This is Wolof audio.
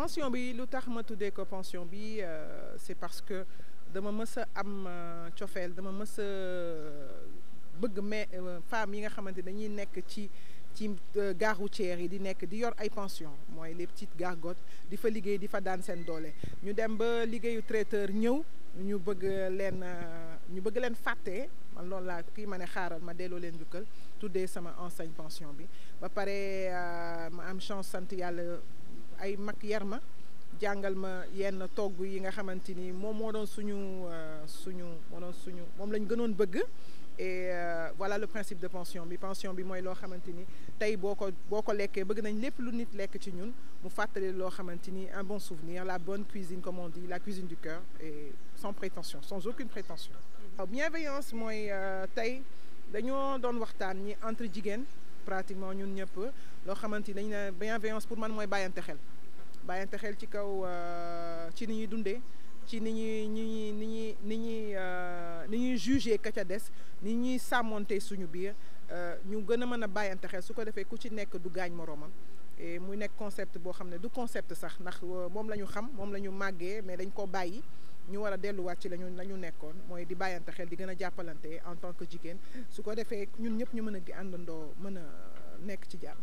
pension bi lu tax ma tuddee ko pension bi euh, c'est parce que dama mës a am euh, cofeel dama mës a euh, bëgg mais femmes yi nga xamante dañuy nekk ci ci gare yi di nekk di yor ay pension mooy les petites gargotes di fa liggéey di fa daan seen doole ñu dem ba liggéeyu traiteur ñëw ñu bëgg leen ñu bëgg leen fàtte man loolu laa kii ma ne xaaral ma delloo leen jukkal tuddee sama enseigne pension bi ba pare ma am chance sant yàlla ay mag yar ma jàngal ma yenn togg yi nga xamante ni moom moo doon suñu euh, suñu moo suñu moom lañ gënoon bëgg e voilà le principe de pension bi pension bi mooy loo xamante ni tey boo ko boo ko lekkee bëgg nañ lépp lu nit lekk ci ñun mu fàttali loo xamante ni un bon souvenir la bonne cuisine comme on di la cuisine du cœur et sans prétention sans aucune prétention. Mm-hmm. bienveillance mooy euh, tey dañoo doon waxtaan ñi entre jigéen. pratiquement ñun ñëpp loo xamante ni dañ ne bienveillance pour man mooy bàyyante xel bàyyante xel ci kaw euh, ci ni ñuy dundee ci ni ñuy ni ñuy ni ñuy ni ñuy euh, jugé ka ca des ni ñuy sàmmonte suñu biir euh, ñu gën a mën a bàyyante xel su ko defee ku ci nekk du gaañ moroomam et muy nekk concept boo xam ne du concept sax ndax moom la ñu xam moom la ñu màggee mais dañ koo bàyyi ñu war delluwaat ci lañu la ñu nekkoon mooy di bàyyante xel di gën a jàppalante en tant que jigéen su ko defee ñun ñëpp ñu mën a gi àndandoo mën a nekk ci jàmm